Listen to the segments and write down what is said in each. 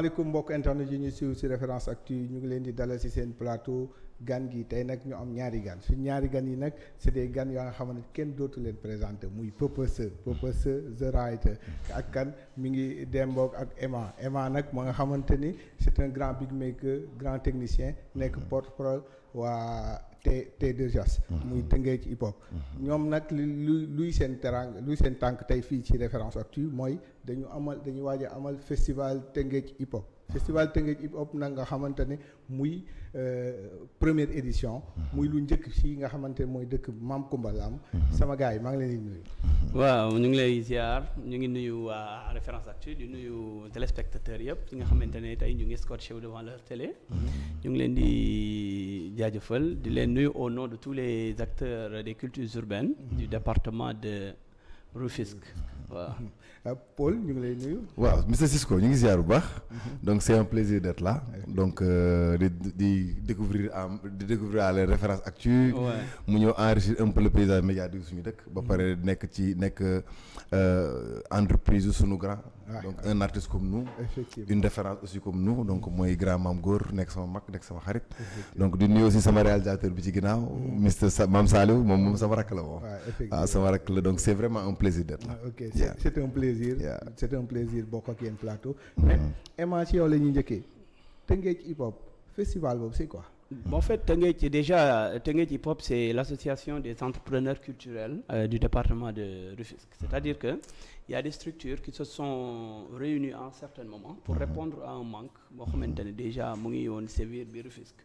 asalaamaaleykum mbokk internet yi ñu siiw si référence actu ñu ngi leen di dalal si seen plateau gan gi tey nag ñu am ñaari gan suñ ñaari gan yi nag c'est des gan yoo nga xam ne kenn dootu leen présenté muy Purposeur Purposeur The Writer ak kan mi ngi Demboog ak Emma Emma nag ma nga xamante ni c'est un grand beatmaker grand technicien nekk mm-hmm. porte-parole waa T T2S. Mm-hmm. muy tëngee hip hop. Mm-hmm. ñoom nag lu luy seen terang luy seen tànk tey fii ci référence actu mooy dañu amal dañuy waaj a amal festival tëngee ci hip hop. festival Tëngéej hip hop nag nga xamante ne muy euh, première édition. Mhm. muy lu njëkk si nga xamante ne mooy dëkk Maam Kumba Lam mhm. sama gars yi maa ngi leen di nuyu. Mhm. waaw ñu ngi lay ziar ñu ngi nuyu waa référence actu di nuyu téléspectateurs yëpp ñi nga xamante ne tey ñu ngi scotché devant leur télé. ñu ngi leen di jaajëfal di leen nuyu au nom de tous les acteurs des cultures urbaines. du département de Rufisque. waaw euh, Paul ñu ngi lay nuyu. waaw monsieur Cisco ñu ngi ziar bu baax. Mhm. donc c' est un plaisir d' être donc euh, di di découvrir am di découvrir les références actu mu ñëw enrichir un peu le paysage médiatique suñu dëkk. ba pare nekk ci nekk euh, entreprise suñu grand. donc un artiste comme nous. une référence aussi comme nous donc mm-hmm. mooy grand maam góor nekk sama mag nekk sama xarit. donc di nuyu aussi sama réalisateur bi ci ginnaaw. Mm-hmm. mister sa maam Saliou moom moom sama rakk la moom. waaw ah, sama rakk la donc c' vraiment un plaisir d' être là. ok un plaisir. c' est un plateau. Mm-hmm. mais Emma ci yow la ñuy njëkkee Tëngéej hip hop festival boobu c' est quoi. fait, Tenguet, déjà, Tenguet Hip Hop, c'est l'association des entrepreneurs culturels euh, département de Rufisque. y a des structures qui se sont réunies à un certain moment pour mhm. répondre à un manque boo xamante ne déjà mu ngi woon sévir bi Rufisque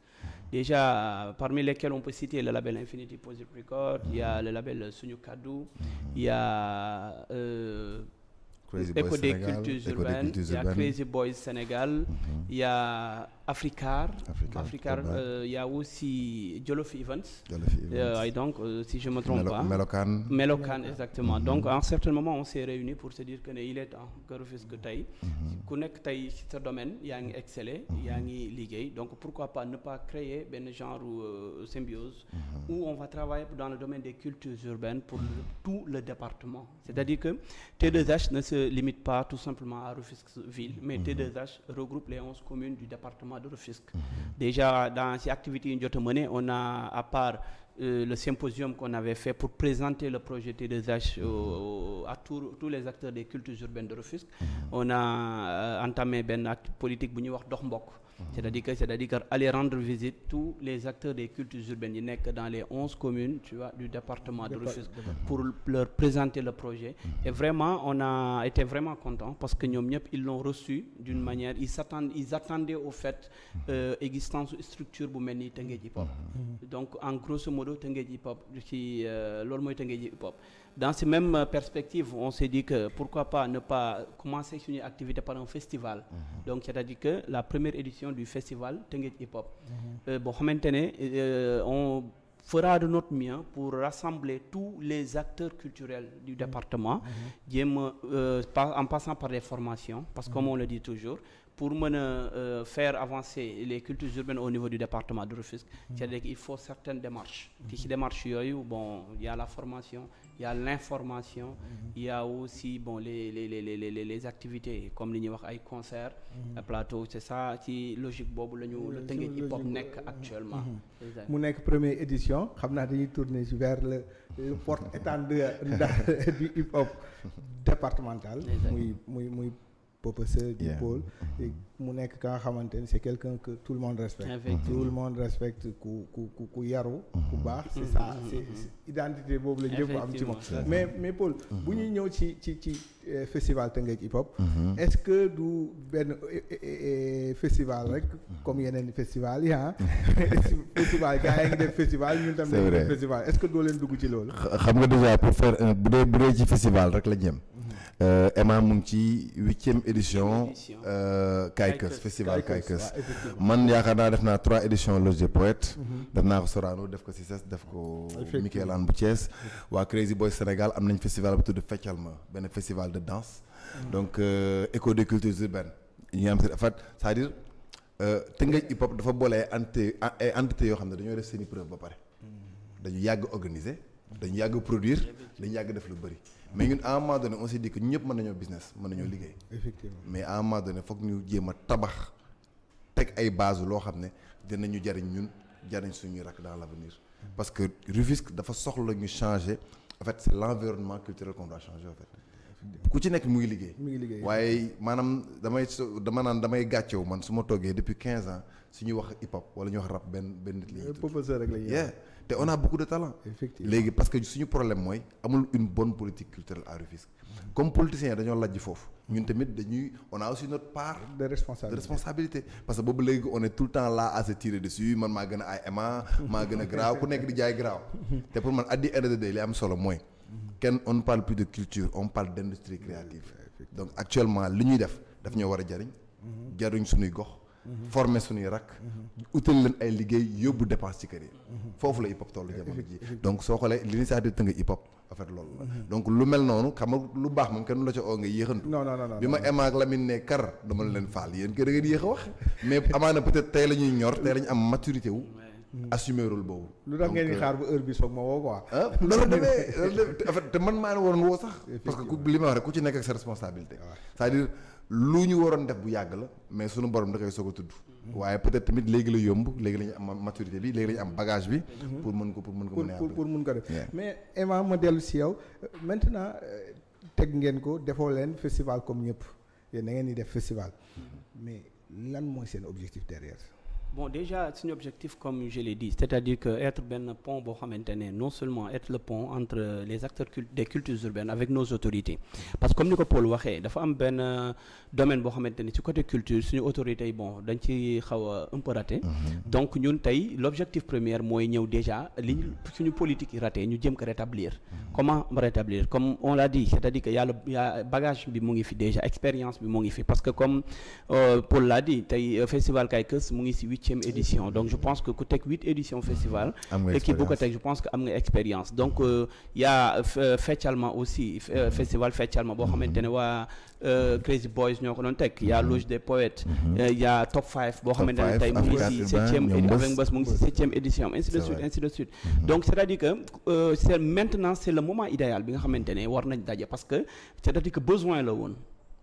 déjà parmi lesquels on peut citer le label Infinity Positive Record il y a le label Suñu Kaddu il y a euh, des cultures urbaines y a Crazy Boys Sénégal mhm. y a Africar. Africar, Africar euh, il y a aussi Jollof Events. Jollof Events. Euh, et donc, euh, si je me trompe Melo pas. exactement. Mhm. Donc, à un certain moment, on s'est réunis pour se dire que il est temps que Rufisque tey. Mhm. ku nekk tey domaine yaa ngi exceller. Mhm. yaa ngi liggéey donc pourquoi pas ne pas créer benn genre euh, symbiose. Mm -hmm. où on va travailler dans le domaine des cultures urbaines pour le, tout le département. c'est-à-dire que T2H ne se limite pas tout simplement à Rufisque ville, mais t 2 développement de Rufisque. déjà dans ces activités yu ñu on a à part euh, le symposium qu'on avait fait pour présenter le projet T2H euh, à tous tous les acteurs des cultures urbaines de Rufisque. on a euh, entamé benn acte politique bu ñuy wax dox mbok c'est-à-dire que c'est-à-dire que aller rendre visite tous les acteurs des cultures urbaines yi nekk dans du département de Rufisque pour leur présenter le projet mhm. et vraiment on a été vraiment content parce que ñoom ñëpp ils l'ont reçu d'une mhm. manière ils s'attendent attendaient au fait mhm. euh, existence structure bu mel ni Tëngéej hip hop donc en grosso modo Tëngéej hip hop ci euh, loolu mooy Tëngéej hip hop dans ces mêmes perspectives on s'est dit que pourquoi pas ne pas commencer suñu activité par un édition du festival Tengej Hip Hop. Mhm. Euh, boo xamante ne euh, on fera de notre mieux pour rassembler tous les acteurs culturels du mhm. département. Mhm. jéem a euh, en passant par des formations. parce que comme on le dit toujours. pour mën a euh, faire avancer les cultures urbaines au niveau du département de Rufisque mm. c'est-à-dire qu'il faut certaines démarches ci ci démarches yooyu bon il y la formation il y a l'information mm-hmm. il y a aussi bon les les les les les activités comme li ñuy wax ay concerts mm-hmm. plateau c'est ça ci logique boobu la ñu la tënkee hip hop nekk actuellement mm-hmm. mu nekk première édition xam naa dañuy tourner vers le porte étendue du hip hop départemental muy muy muy Popeseux du pôle mu nekk ka nga xamante ni c'est quelqu'un que tout le monde respecte tout le monde respecte ku ku ku ku yaru ku mm-hmm. baax c'est mm-hmm. ça mm-hmm. c'est identité boobu la ñëpp am ci moom mais mais Paul bu ñuy ñëw ci ci ci euh, festival Tëngéej hip hop est-ce que du benn euh, euh, festival rek comme yeneen festival yi ah festival gars yi ngi def festival ñun tam def festival est-ce doo leen dugg ci loolu xam nga déjà pour faire bu dee bu dee ci festival rek la jëm Euh, Emma mu ngi ci huitième édition euh, Kaikes festival Kaikes man yaakaar naa def naa trois éditions Loge des Poètes mhm. def naa ko Sorano def ko CICES def ko Michelane bu Thiès waa Crazy Boy Sénégal am nañ festival bu tudd Feccal ma benn festival de danse mhm. donc euh, écho des cultures urbaines ñu am si fat c'est-à-dire Tëngéej hip hop dafa boole ay entité ay entité yoo xam ne dañoo def seeni i preuve ba pare mhm. dañu yàgg organiser dañu yàgg produire dañu yàgg def lu bëri mais ñun à un moment donné on s'est dit que ñëpp mën nañoo business mën nañoo liggéey. effectivement mais à un moment donné foog ñu jéem a tabax teg ay base loo xam ne dinañu jariñ ñun jariñ suñuy rak dans l'avenir parce que Rufisque dafa soxla ñu changer en fait c'est l'environnement culturel qu'on doit changer en fait. ku ci nekk mu ngi liggéey. mu ngi liggéey waaye maanaam damay dama naan damay gàcceewu man su ma toogee depuis 15 ans su ñu wax hip hop wala ñu wax rap benn benn nit la euh, te on a beaucoup de parce que suñu problème mooy amul une bonne politique culturelle à Rufisque comme politiciens dañoo lajj foofu. ñun tamit dañuy on a aussi notre part. de responsabilité de que boobu léegi on est tout le temps la à se tirer dessus man maa gën a ay ma maa gën a garaaw ku nekk di jaay garaaw. te pour man am solo mooy. kenn on parle plus de culture on parle d' industrie créative donc actuellement li ñuy def daf ñoo war a jariñ jariñ suñuy gox former suñuy rakk utal leen ay liggéey yóbbu dépense ci kër yi foofu la hip hop tollu jamono ji donc soo xoolee l'initiative tënk hip hop affaire loolu la mhm. donc lu mel noonu xam nga lu baax moom kenn la ca oo nga yéexantu bi ma Emma ak Lamine ne kar dama leen faal yéen kër da ngeen yéex a wax mais amaana peut-être tey la ñuy ñor tey am maturité wu Mm. assumer rôle boobu. lu tax ngeen xaar ba heure bi soog ma woo quoi. ah euh, man maa ne waroon woo sax. parce que ku lima ma wax ku ci nekk ak sa responsabilité. c'est-à-dire lu ñu waroon def bu yàgg la mais sunu borom da koy soog a tudd. Mm-hmm. waaye peut-être tamit léegi la yomb léegi la ñu am maturité bi léegi la am bagage bi. Mm-hmm. pour mën ko pour mën ko mën a. pour pour mën ko def mais Emma ma dellu si yow euh, maintenant euh, teg ngeen ko defoo leen festival comme ñëpp yéen da ngeen di def festival mm-hmm. mais lan mooy seen objectif bon déjà suñu objectif comme je l'ai c'est-à-dire que être benn pont boo xamante ne non seulement être le pont entre les acteurs des cultures urbaines avec nos autorités parce que comme ni ko Paul waxee dafa am benn domaine boo xamante ne ci côté culture suñu autorités yi bon dañ ci xaw a un peu mm-hmm. donc ñun tey l'objectif premier mooy ñëw déjà li suñu politique yi ñu jëm ko rétablir mm-hmm. comment rétablir comme on l'a dit c'est-à-dire que y bagage bi mu ngi fi déjà expérience bi mu ngi euh, euh, mu ngi si huitième édition donc je pense que ku teg huit édition festival équipe bu ko teg je pense que am nga expérience donc euh, y a euh, aussi euh, festival Fetchalma boo xamante ne waa Crazy Boys ñoo ko doon teg y a mm-hmm. Loge des Poètes mm-hmm. y a Top 5 boo xamante ne mu ngi si septième avec Mbass mu ngi si septième édition ainsi de suite ainsi de suite mm-hmm. donc c'est-à-dire que c'est maintenant c'est le moment idéal bi nga xamante ne war nañ daje parce que c'est-à-dire que besoin la woon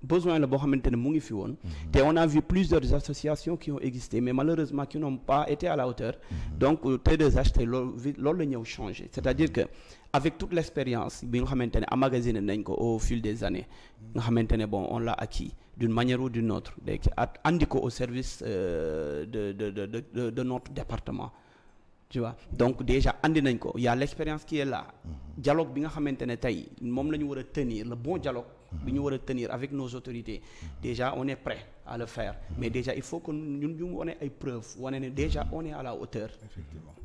besoin la boo xamante ne mu ngi fi woon mhm. te on a vu plusieurs associations qui ont existé mais malheureusement qui n'ont pas été à la hauteur mhm. donc euh, T2H tey loolu loolu la ñëw changé c'est-à-dire que avec toute l'expérience bi nga xamante ne emmagasiné nañ ko au fil des années nga xamante ne bon on l'a acquis d'une manière ou d'une autre day andi ko au service euh, de de de de de notre département tu donc déjà indi nañ ko y a l'expérience qui est mhm. bi nga xamante ne tey moom la ñu war a tenir le bon dialogue bi ñu war a tenir avec nos autorités déjà on est prêt à le faire mais déjà il faut que ñun ñu ay preuves wane ne déjà on est à la hauteur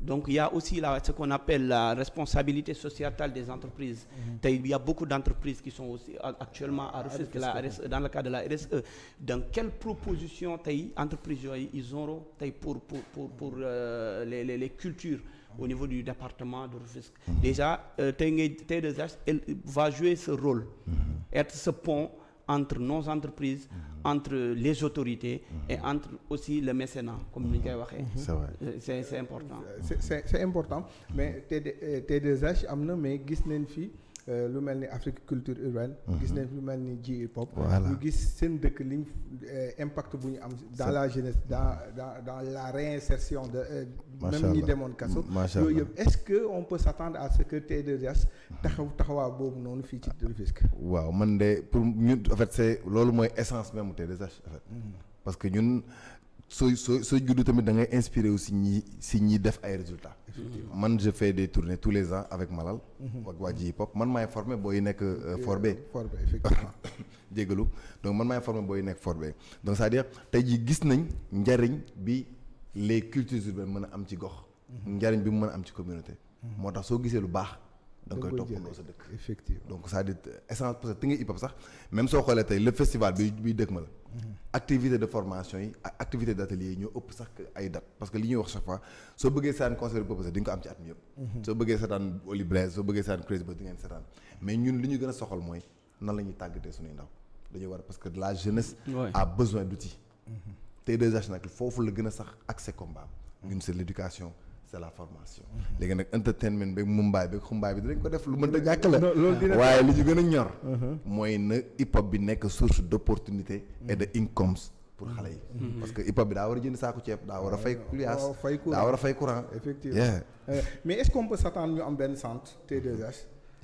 donc il y a aussi la ce qu'on appelle la responsabilité sociétale des entreprises mhm. tey il y a beaucoup d'entreprises qui sont actuellement à Rufisque la RSE e. e, dans le cadre de la RSE dans quelle proposition tey entreprises yooyu ils auront tey pour pour pour pour euh, les les cultures au niveau du département de Rufisque mhm. déjà euh, tey ngay T2H elle va jouer ce rôle mhm. être ce pont entre nos entreprises mhm. entre les autorités mhm. et entre aussi le mécénat comme ni ñu koy waxee c'est euh, c'est important c'est important mais t des euh, h am na mais gis nañ fi Euh, lu mel ni Afrique culture urbaine. Mhm. gis nañ lu mel ni ji i hop. ñu gis seen dëkk liñ euh, impact bu ñu am. dans la jeunesse dans dans dans la réinsertion de. Euh, même ñi demoon kaso. yooyu yëpp est-ce que on peut s'attendre à ce que T2S taxaw taxawaa boobu noonu fii ci Rufisque. waaw man de pour ñun en fait loolu mooy essence même T2S en mm. parce que ñun sooy sooy sooy juddu tamit da ngay inspiré wu si ñi si ñi def ay résultats. man je fais des tournées tous les ans avec Malal. Mhm. ak waa ji hip man maay formé booy nekk Forbé. Euh, euh, Forbé effectivement jégalu donc man maay formé booy nekk Forbé donc cest à tey jii gis nañ njariñ bi les cultures urbaines mën a am ci gox. Mhm. njariñ bi mu mën a am ci communauté. Mhm. moo tax soo gisee lu baax. da nga koy toppandoo sa dëkk donc c'est-à-dire essence parce que Tëngéej sax même soo xoolee tey le festival bi biy dëkk ma la mm-hmm. activité de formation yi ak activité d' atelier yi ñoo ëpp sax ay date parce que li ñuy wax chaque fois soo bëggee seetaan concert bi proposé di nga ko am ci at mi yëpp mm-hmm. soo Crazy Boys di ngeen seetaan mais ñun li ñu gën a soxal mooy nan la ñuy tàggatee suñuy ndaw dañoo war parce que la jeunesse a besoin d' outils mm-hmm. t 2 nag foofu la gën a sax accès combat ñun c'est l' c'est la formation. léegi nag entertainment beeg mumbaay beeg xumbaay bi dañ ko def lu mën a ñàkk la. waaye li ñu gën a ñor. Uh-huh. mooy na hip hop bi nekk source d'opportunité. et de incomes pour xale yi. Mm-hmm. Mm-hmm. parce que hip hop bi daa war a jënd saako ceeb daa war a fay. daa daa war a fay courant. Euh, mais est-ce qu'on am benn centre t 2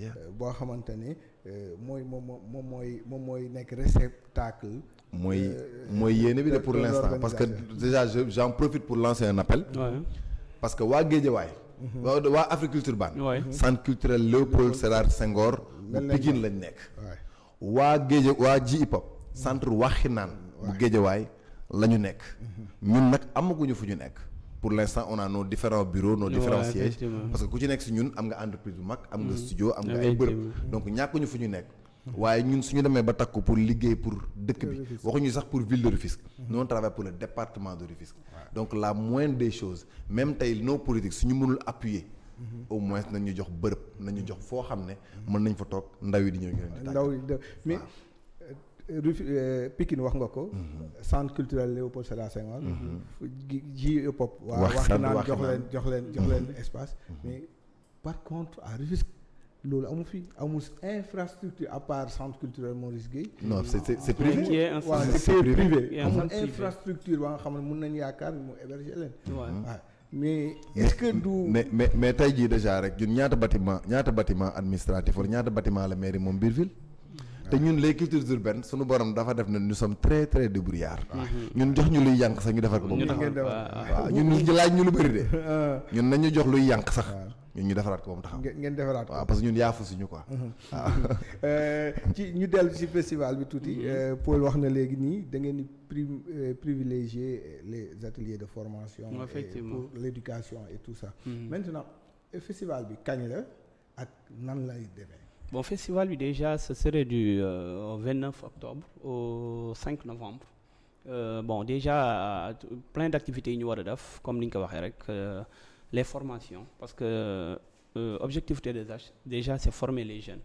euh, boo xamante ni euh, mooy moom moom mooy moom mooy nekk réceptacle. mooy mooy yéene bi de pour l'instant parce que déjà j'en profite pour lancer un appel. parce que waa Géejawaay. Mhm. waa waa Africulture Ban. Mhm. centre culturel Léopold Sédar Senghor. bu Pikine lañu nekk. waa Géeja waa ji hip hop. centre Waxinaan bu Géejawaay la ñu nekk. Mhm. ñun nag amaguñu fu ñu nekk. pour l' instant on a nos différents bureaux nos différents sièges parce que ku ci nekk si ñun am nga entreprise bu mag. am nga studio am nga ay bërëb donc ñàkkuñu fu ñu nekk. waaye ñun suñu demee ba takku pour liggéey pour dëkk bi waxuñu sax pour ville de Rufisque nous on travaille pour le département de Rufisque donc la moindre des choses même tey nos politiques suñu mënul appuyer mm-hmm. au moins nañu jox bërëb nañu jox foo xam ne mën nañ fa toog ndaw yi di ñëw ñu leen di ndaw yi mais euh, Rufisque euh, Pikine wax nga ko mm-hmm. centre culturel Léopold Sédar Senghor ji pop waaw wax naan jox leen jox leen jox leen mm-hmm. espace mais par contre à Rufisque loolu amul fi amul infrastructure à part centre culturel Maurice Guèye. non c' est c' est privé. c' est privé amul infrastructure ba nga xam ne mun nañu yaakaar mu héberger leen. Mm-hmm. mais du. mais mais mais tey jii déjà rek ñun ñaata batiment ñaata batiment administratif wala ñaata batiment la mairie moom biir ville. te ñun les cultures urbaines sunu borom dafa def na nous sommes très très débrouillards. Mm-hmm. ñun jox ñu luy yànq sax ñu defar ko. ñu defar ko waaw ñun ñu laaj ñu lu bëri de. ñun nañu jox luy yànq sax. ñun ñu defaraat ko moom taxaw ngeen defaraat ko waaw parce que ñun yaafu suñu quoi. Mhm. waaw euh, ci ñu dellu si festival bi tuuti. Mhm. Euh, Paul wax na léegi nii da ngeen di euh, privilégier les ateliers de formation. effectivement pour l'éducation et tout sax mhm. maintenant festival bi kañ la ak nan lay demee. bon festival bi déjà ce serait du euh, 29 octobre au 5 novembre. Euh, bon déjà plein d'activités yi ñu war a def comme ni ñu ko waxee rek. les formations parce que euh, objectif T2H déjà c'est former les jeunes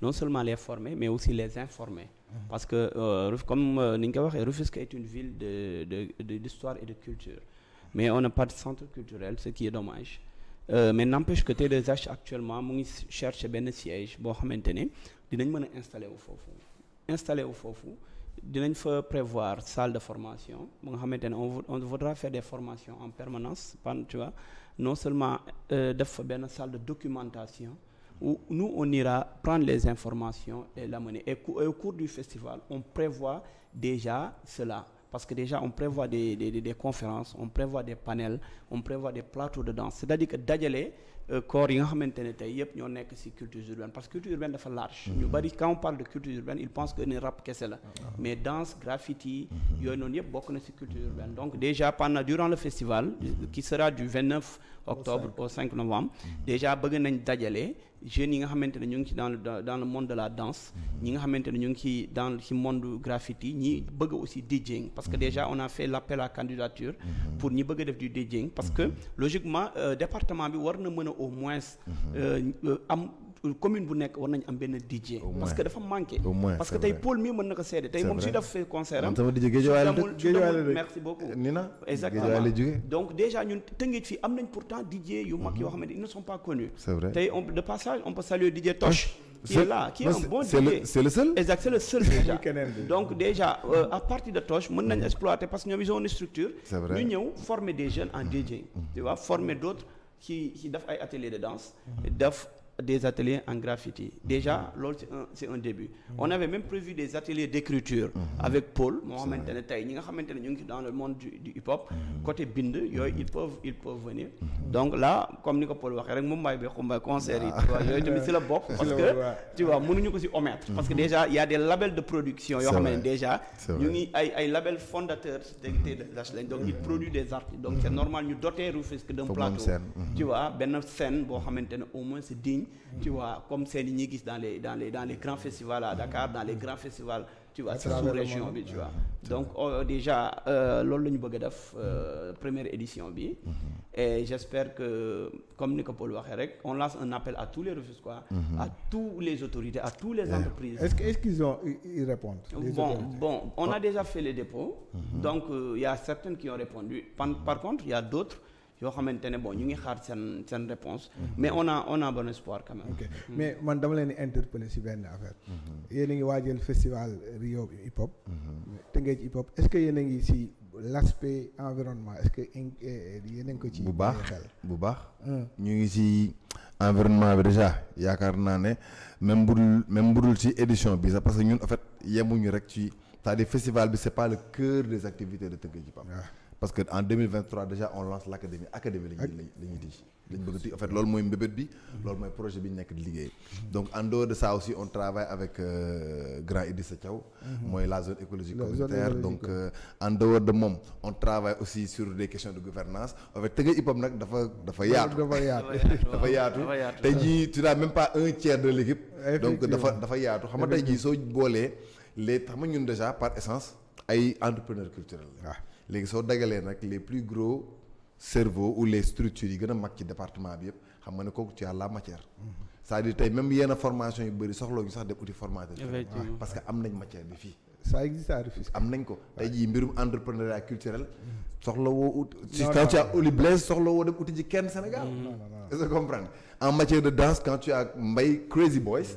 non seulement les former mais aussi les informer mmh. parce que euh, comme euh, ni ñu ko waxee Rufisque est une ville de de d'histoire et de culture mais on n'a pas de centre culturel ce qui est dommage euh, mais n'empêche que t des h actuellement mu ngi cherche benn siège boo xamante ne dinañ mën a installer wu foofu installer wu foofu dinañ fa prévoir salle de formation mu nga xamante ne on on voudra faire des formations en permanence pan tu non seulement euh, def fa benn salle de documentation où nous on ira prendre les informations et la l'amener et au cours du festival on prévoit déjà cela parce que déjà on prévoit des des des conférences on prévoit des panels on prévoit des plateaux de danse c'est-à-dire que dajale Euh, corps yi nga xamante ne tey yëpp ñoo nekk ci culture urbaine parce que culture urbaine dafa large. Mm-hmm. ñu bari quand parle de culture urbaine ils pensent que ne rap kese la. Ah. mais danse graffiti. Mm-hmm. yooyu noonu yëpp bokk na ci culture urbaine donc déjà pendant durant le festival. Mm-hmm. qui sera du octobre au novembre. déjà bëgg nañ dajale jeunes yi nga xamante ne ñu ngi ci dans le monde de la danse. ñi nga xamante ne ñu ngi ci dans ci monde graffiti ñi bëgg aussi DJing parce que déjà on a fait l'appel à candidature. pour ñi bëgg a def du au moins. Mhm. Euh, euh, am commune bu nekk war nañ am benn DJ. parce que dafa manqué. parce que tey Paul mii mën na ko seede tey moom suy def concert am. sama DJ géejewaay la géejewaay merci beaucoup. ni na donc déjà ñun tëngeej fii am nañ pourtant DJ yu mag mhm. yoo xamante ils ne sont pas connus. c'est vrai tey on de passage on peut saluer Toch. qui est là qui est un bon DJ c'est le seul. exact c'est le seul déjà donc déjà euh, à partir de Toch mën nañ mhm. exploiter parce que ñoom ils ont structure. ñu ñëw ci ci daf ay atelier de danse mm-hmm. daf des ateliers en graffiti déjà loolu c'est un début on avait même prévu des ateliers d'écriture mhm. avec Paul moo xamante ne tey ñi nga xamante ne ñu ngi dans le monde du hip hop mhm. côté bind yooyu ils peuvent venir mhm. donc là comme ni ko Paul waxee rek moom mbaay bi xumbaay concert yi ah. tu vois yooyu tamit si la bokk parce que tu vois mënuñu ko si omettre parce que déjà y a des labels de production yoo xam ne déjà ñu ngi ay labels fondateurs DTH des artistes donc tu vois comme seen yi gis dans les dans les dans les grands festivals à Dakar dans les grands festivals tu vois sous-région bi donc oh, déjà euh, loolu la ñu bëgg a def euh, première édition bi mm-hmm. et j'espère que comme ni ko Paul waxee rek on lance un appel à tous les Rufisquois mm-hmm. à tous les autorités à tous les eh, entreprises est-ce que est-ce qu'ils ont ils répondent bon bon on a ah. déjà fait les dépôts mm-hmm. donc euh, il y a certaines qui ont répondu par contre il y a d'autres yoo xamante ne bon ñu ngi xaar seen seen réponse mm-hmm. mais on a on a bon espoir quand même. ok mm-hmm. mais man dama leen di interpeller si benn affaire. Mm-hmm. yéen a ngi waajal festival Rio hip hop. Tëngéej hip hop est-ce que yéen a ngi si l'aspect environnement est-ce que eh, eh, yéen a ngi ko ci. bu baax xel bu baax. ñu ngi si environnement bi déjà yaakaar naa ne même budul même budul ci édition bi sax parce que ñun en fait yemuñu rek ci c'est-à-dire festival bi c'est pas le des activités de Tëngéej hip hop. Ah. parce que en 2023 déjà on lance l' académie académie la ñuy la ñuy tij la ñu a tij en fait loolu mooy mbébét bi loolu mooy projet bi ñu nekk di liggéey donc en dehors de ça aussi on travaille avec euh, Grand Idrissa Thiaw mhm. mooy la zone écologique communautaire donc euh, en dehors de moom on travaille aussi sur des questions de gouvernance en fait tëgg hip-hop nag dafa dafa yaatu dafa yaatu tey jii tu n'as même pas un tiers de l'équipe donc dafa dafa yaatu xam nga tey jii soo boolee les xam nga ñun déjà par essence ay entrepreneur culturel léegi soo dagalee nag les plus gros cerveaux ou les structures yi gën a mag ci département bi yëpp xam nga ne kooku tu as la matière. c'est-à-dire tey même yenn formation yu bëri soxloo ñu sax def outil formateur. parce que am nañ matière bi fii. ça existe am nañ ko tey jii mbirum entrepreneuriat culturel. soxla woo ut. non quand tu as Oli Blaise kenn Sénégal. en matière de danse quand tu as Mbaye Crazy Boys.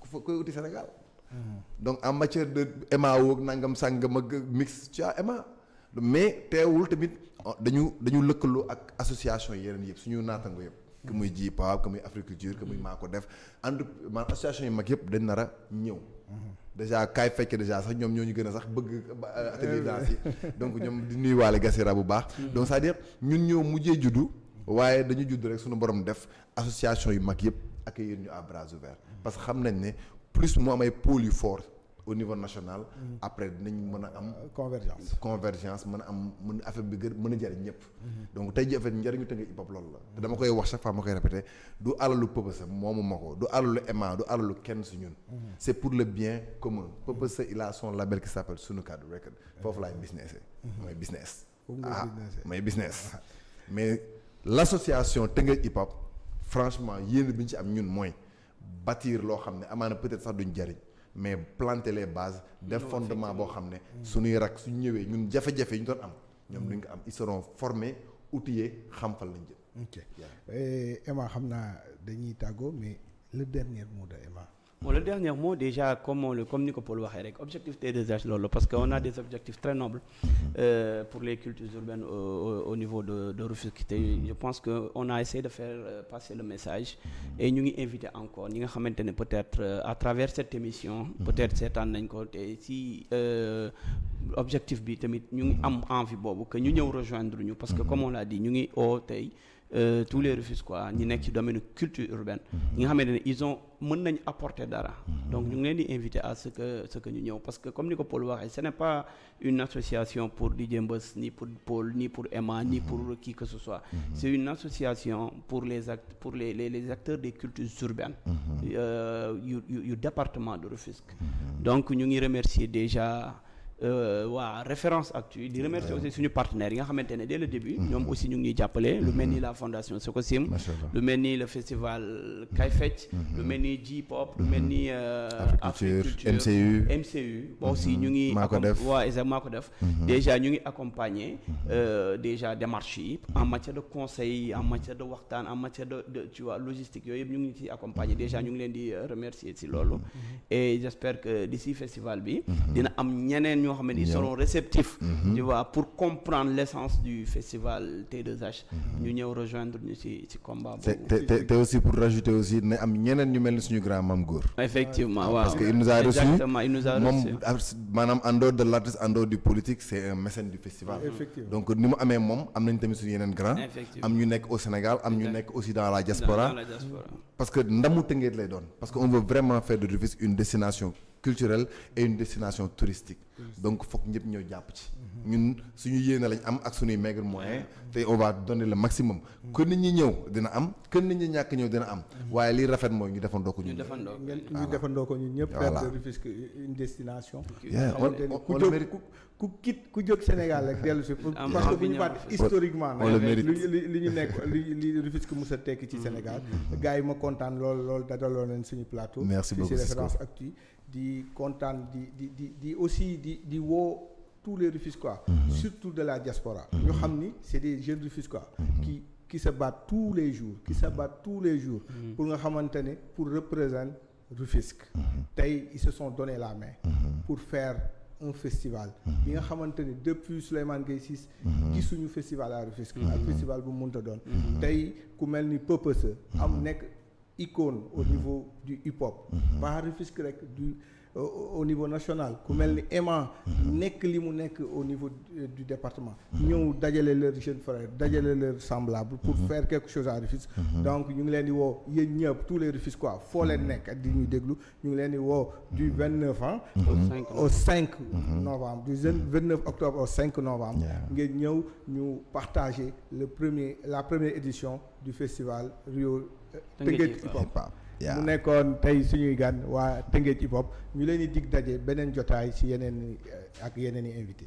ku fa koy uti Sénégal. Mm. donc en matière de MAO nangam sàngam ak mix tu as MA. mais teewul tamit ah, dañu dañu lëkkaloo ak association yeneen yëpp suñu naatango yëpp. que muy ji paaw que muy agriculture que muy mm-hmm. maa ko def entre man association yu mag yëpp dañ nara ñëw. Mm-hmm. dèjà kaay fekk dèjà sax ñoom ñoo ñu gën a sax bëgg euh, eh atelier danse yi donc ñoom di nuyuwaale Gasira bu baax. Mm-hmm. donc c'est-à-dire ñun ñoo mujjee juddu. waaye dañu judd rek suñu borom def association yu mag yëpp accueillir ñu à bras ouverts. parce que xam nañ ne plus mu am ay pôles yu fort au niveau national. Mm-hmm. après dinañ mën a am. convergence convergence mën a am mën affaire bi gër mën a jariñ ñëpp. Mm-hmm. donc te jii affaire njariñu tënk hip hop loolu la. te dama koy wax chaque fois ma koy répété du alalu Peupeuse moom ma ko du alalu Emma du alalu kenn si ñun. Mm-hmm. c' est pour le bien commun. Peupeuse il a son label qui s' appelle Sunu Kaddu Record foofu laay business. Ah, mooy business. ah mooy business. mais lassociation association Tëngéej hip hop franchement yéen bi ñu ci am ñun mooy bâtir loo xam ne amaana peut-être sax duñ jariñ. mais planter les bases def fondement boo xam ne su suñuy rak suñ ñëwee ñun jafe-jafe yi ñu doon am ñoom duñ ko am ils seront formés outillés xam fan lañ jëm ok eh, Emma xam naa dañuy tàggoo mais le dernier mot de Emma bon le dernier mot déjà comme on ni ko Paul waxee rek objectif T2H loolu parce que on a des objectifs très nobles euh, pour les cultures urbaines au, au, niveau de de Rufisque te je pense que on a essayé de faire euh, passer le message et ñu ngi invité encore ñi nga xamante ne peut-être euh, à travers cette émission mm-hmm. peut-être seetaan nañ ko te si objectif bi tamit ñu ngi am envie boobu que ñu ñëw rejoindre ñu parce que mm-hmm. comme on l'a dit ñu ngi oo tey euh, tous les Rufisquois ñi nekk ci domaine culture urbaine mm-hmm. ñi nga xamante ne ils ont mën nañ apporter dara mm-hmm. donc ñu ngi leen di inviter à ce que ce que ñu ñëw parce que comme ni ko Paul waxee ce n'est pas une association pour Didier ni pour Paul ni pour Emma ni mm-hmm. pour qui que ce soit c'est une association pour les act pour les les, les acteurs des cultures urbaines euh, yu euh, département de Rufisque donc ñu ngi remercier déjà Euh, waa référence actu di remercier aussi suñu partenaires yi nga xamante ne dès le début mm-hmm. ñoom aussi ñu ngi jàppale lu mel ni la fondation Sococim lu mel ni le festival Kay Fecc mm-hmm. lu mel ni J-pop lu mm-hmm. mel ni euh, Africulture MCU MCU ñu ngi maa ko def waaw def déjà ñu ngi accompagner euh, déjà démarches yi en matière de conseil en matière de waxtaan en matière de de tu vois logistique yooyu yëpp ñu ngi ciy accompagner déjà ñu ngi leen di remercier si loolu et j'espère que d'ici festival bi dina am ñeneen ñoo xam ne ils seront réceptifs mm-hmm. tu vois pour comprendre l'essence du festival T2H mm-hmm. ñu ñëw rejoindre ñu ci ci combat boobu te te aussi pour rajouter aussi ne am ñeneen ñu mel ni suñu grand maam góor effectivement ah, parce que il nous a reçu a moom maanaam en dehors de l'artiste en dehors du politique c'est un mécène du festival ah, donc ni mu amee moom am nañ tamit suñu yeneen grand am ñu nekk au Sénégal am ñu nekk aussi dans la diaspora parce que ndamu Tëngéej culturelle et une destination touristique. donc foog ñëpp ñëw jàpp ci. Mhm. ñun suñu yéene lañ am ak suñuy maigre moyen te on va donner le maximum. que mhm. nit ñi ñëw dina am que nit ñi ñàkk ñëw dina am. Mhm. waaye li rafet mooy ñu defandoo ko ñun. ñu defandoo ko ñu ko ñëpp. voilà faire de une destination. ku jóg ku kit Sénégal rek dellu si. Ah, parce ñu fàtte historiquement. on le li ñu nekk li li Rufisque mos a tekki ci mm. Sénégal. Mm. gars yi ma kontaan lool lool dadaloon leen suñu plateau. merci beaucoup ci référence actu di kontaan di di di di aussi di di woo tous les Rufisquois mhm. surtout de la diaspora mhm. ñu xam ni c'est des jeunes Rufisquois mhm. qui qui se battent tous les jours qui se battent tous les jours pour nga xamante ne pour représenter Rufisque tey ils se sont donné la main pour fair un festival bi nga xamante ne depuis Souleymane Gueye Ciss gisuñu festival à Rufisque ak festival bu munta doon tey ku mel ni Peupeuse am nekk icône au niveau du hip hop. waa mhm. Rufisque rek du euh, au niveau national ku mel ni Eman. Mhm. nekk li mu nekk au niveau du euh, département. Mhm. ñëw dajale leurs jeunes frères dajale leurs semblables. pour faire quelque chose à Rufisque. donc ñu ngi leen di woo yéen ñëpp tous les Rufisquois foo leen nekk ak di ñu déglu ñu ngi leen di woo du 29 ans. au 5 novembre du 29 octobre au 5 novembre. ngeen ñëw ñu partager le premier la première édition du festival Rio. Tëngéej hip mu nekkoon tey suñuy gan waa Tëngéej hip hop ñu leen di dig daje beneen jotaay ci yeneen ak yeneen i invité